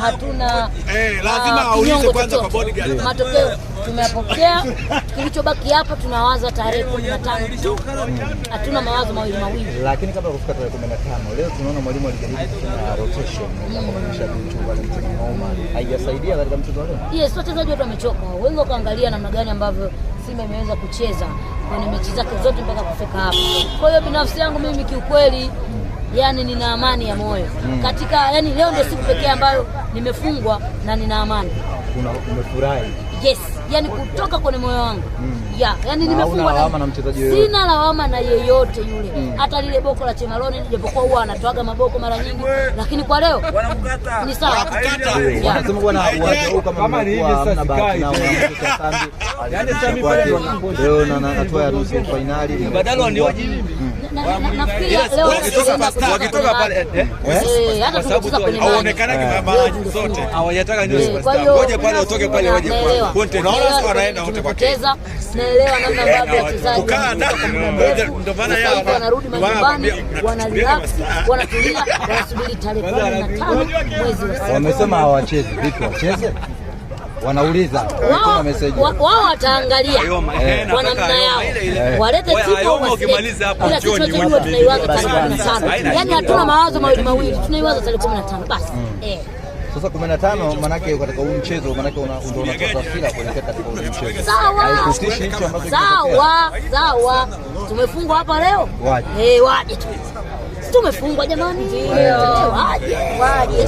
hatuna eh, ah, lazima aulize kwanza kwa bodyguard. Matokeo tumeyapokea, kilichobaki hapo tunawaza tarehe 15 tu, hatuna mawazo mawili mawili. Lakini kabla kufika tarehe 15, leo tunaona mwalimu alijaribu kufanya rotation na mtu wale mtu haijasaidia katika mchezo leo. Yes, wachezaji wote wamechoka, wengi wakaangalia namna gani ambavyo Simba imeweza kucheza kwenye mechi zake zote mpaka kufika hapa. Kwa hiyo binafsi yangu mimi kiukweli, yani nina amani ya moyo hmm. katika, yani leo ndio siku pekee ambayo nimefungwa na nina amani. Umefurahi? Yes yani kutoka kwenye moyo wangu mm. ya yani nimefungwa na, na sina lawama na yeyote yule hmm. hata mm. lile boko la Chemaloni, japokuwa huwa anatoaga maboko mara nyingi, lakini kwa leo ni sawa. Wanasema bwana, kama ni hivi sasa sikai yani, sasa mimi leo na natoa ya nusu finali badala wanioje hmm. wakitoka pale eh, eh? Eh, kwa sababu pale kwa content naelewa wanarudi wanatulia, Wamesema hawachezi, vipi wacheze? Wanauliza wao, wataangalia kwa eh. namna yao, eh. walete tunaiwaza tarehe kumi na tano. Yani hatuna mawazo mawili mawili, tunaiwaza tarehe kumi na tano basi. Mm. Eh. Sasa 15 manake katika huu mchezo manake ndio unatoa taswira kuelekea katika huu mchezo. Sawa. Sawa. Sawa. Tumefungwa hapa leo? Waje. Eh, waje tu. Tumefungwa jamani. Waje. Waje.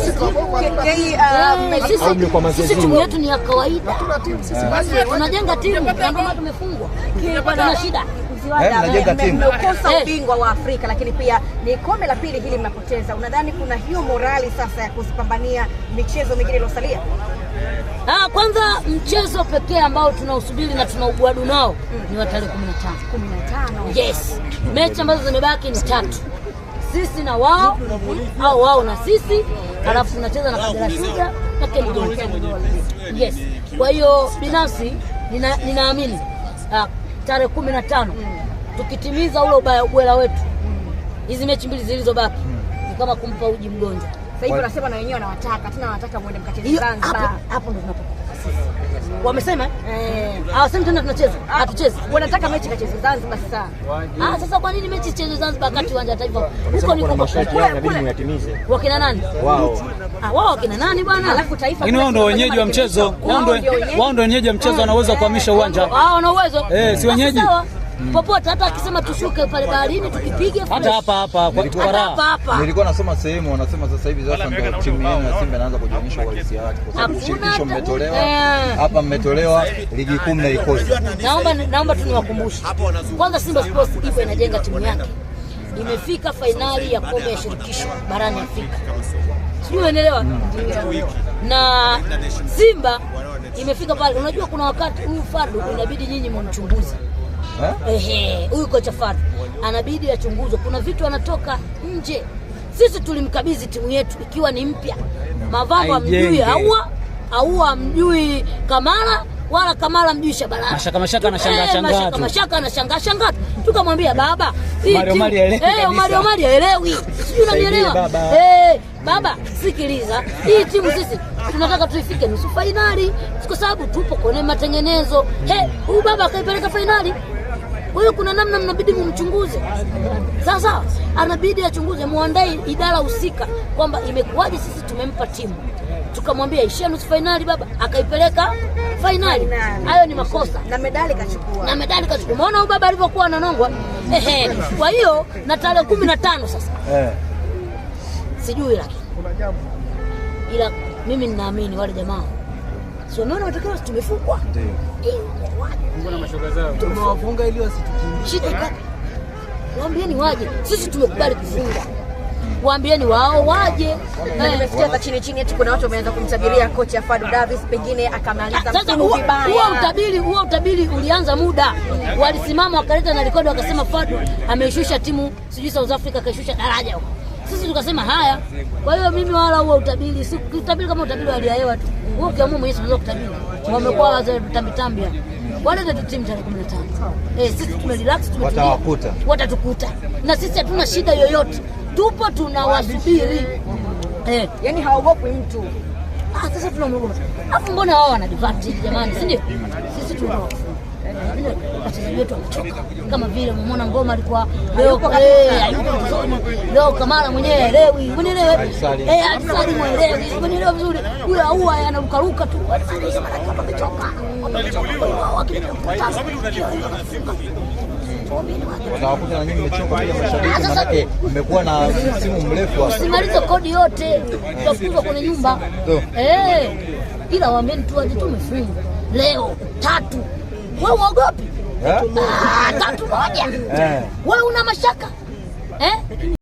Sisi eh, timu yetu ni ya kawaida. Tunajenga timu ndio maana tumefungwa. Tuna shida mnajenga timu, mmekosa eh. ubingwa wa Afrika, lakini pia ni kombe la pili hili mnapoteza. Unadhani kuna hiyo morali sasa ya kuzipambania michezo mingine iliyosalia? Ah, kwanza mchezo pekee ambao tunausubiri na tunaugwadu nao ni wa tarehe 15. 15. Yes. Mechi ambazo zimebaki ni tatu sisi na wao mhm. au wao na sisi, alafu tunacheza na Kagera Sugar na Kengola. Yes, kwa hiyo binafsi ninaamini nina ah, tarehe kumi na tano tukitimiza ule ubaya ubwela wetu, hizi mechi mbili zilizobaki ni kama kumpa uji mgonjwa. Sasa hivi unasema na wenyewe wanawataka tena, wanataka mwende mkacheze Zanzibar. Hapo ndo tunapokuwa Wamesema eh, hawasemi tena tunacheza, hatuchezi. Wanataka mechi kacheze Zanzibar sasa. Ah, sasa kwa nini mechi cheze Zanzibar wakati uwanja taifa huko ni kwa mashati yao, inabidi wakina nani? Wao. Ah, wao wakina nani bwana? Alafu taifa. Ni yaani wao ndio wenyeji wa mchezo. Wao ndio wenyeji wa mchezo wanaweza kuhamisha ah, uwanja. Wao wana uwezo. Eh, si ah, wenyeji. Mm. popote, hata akisema tushuke pale baharini tukipige hata hapa hapa. kwa Nilikuwa nasoma sehemu wanasema sasa hivi sasa ndio timu yenu ya Simba inaanza kujionyesha uhalisi wake, kwa sababu shirikisho mmetolewa hapa, mmetolewa ligi kuu mnaikosa. Naomba naomba tuniwakumbushe kwanza, Simba Sports ipo inajenga timu yake, imefika fainali ya kombe ya shirikisho barani Afrika, sijui unaelewa, na Simba imefika pale. Unajua kuna wakati huu fardo inabidi nyinyi mumchunguze huyu kocha Fadhi anabidi achunguzwe. Kuna vitu anatoka nje. Sisi tulimkabidhi timu yetu ikiwa ni mpya, Mavavo amjui aua aua amjui Kamara wala Kamara mjui Shabalala. Mashaka Mashaka anashangaa shangaa. Eh, mashaka Mashaka anashangaa shangaa. Tukamwambia baba, hii Mario Mari haelewi. Eh, Mario Sijui unanielewa? Eh, baba sikiliza. Hii timu sisi tunataka tuifike nusu fainali kwa sababu tupo kwenye matengenezo. He, huyu baba akaipeleka fainali. Kwa hiyo kuna namna mnabidi mumchunguze. Sasa anabidi achunguze, muandae idara husika kwamba imekuwaje, sisi tumempa timu tukamwambia ishia nusu fainali, baba akaipeleka fainali. Hayo ni makosa, na medali kachukua, na medali kachukua. Umeona huyu baba alivyokuwa ananongwa. Ehe, kwa hiyo na tarehe kumi na tano sasa eh. sijui, lakini ila mimi ninaamini wale jamaa si unaona watoto wetu tumefungwa, tumewafunga ili wasitukimbie. Shida eh? waambieni waje, sisi tumekubali kufunga waambieni wao waje. Nimesikia eh. hata chini chini eti kuna watu wameanza kumtabiria ah. kocha Fadu Davis pengine akamaliza ah, msimu vibaya. Huo utabiri huo utabiri ulianza muda, eh. walisimama wakaleta na rekodi wakasema Fadu ameishusha timu sijui South Africa akaishusha daraja huko sisi tukasema haya. Kwa hiyo mimi wala huo utabiri si utabiri kama utabiri wa hali ya hewa tu. Wewe ukiamua mwenyewe unaweza kutabiri. Wamekuwa wazee tambi tambi Wale ndio timu tarehe 15. Eh, sisi tumerelax tumetulia. Watawakuta. Watatukuta. Na sisi hatuna shida yoyote. Tupo tunawasubiri. Eh, yani haogopi mtu. Ah, sasa tunamwogopa. Afu mbona wao wanadivati jamani, si ndio? Sisi tunao wachezaji wetu wamechoka, kama vile umeona ngoma alikuwa leo leo Kamara mwenyewe elewi, unielewe eh, Alisali mwelewi, unielewe vizuri, huyo aua anaruka tu, wamechoka mmekuwa na msimu mrefu kodi yote kwenye nyumba eh, ila waambieni tu aje leo tatu wewe uogopi? Eh? Ah, tatu moja. Eh. Wewe una mashaka? Eh?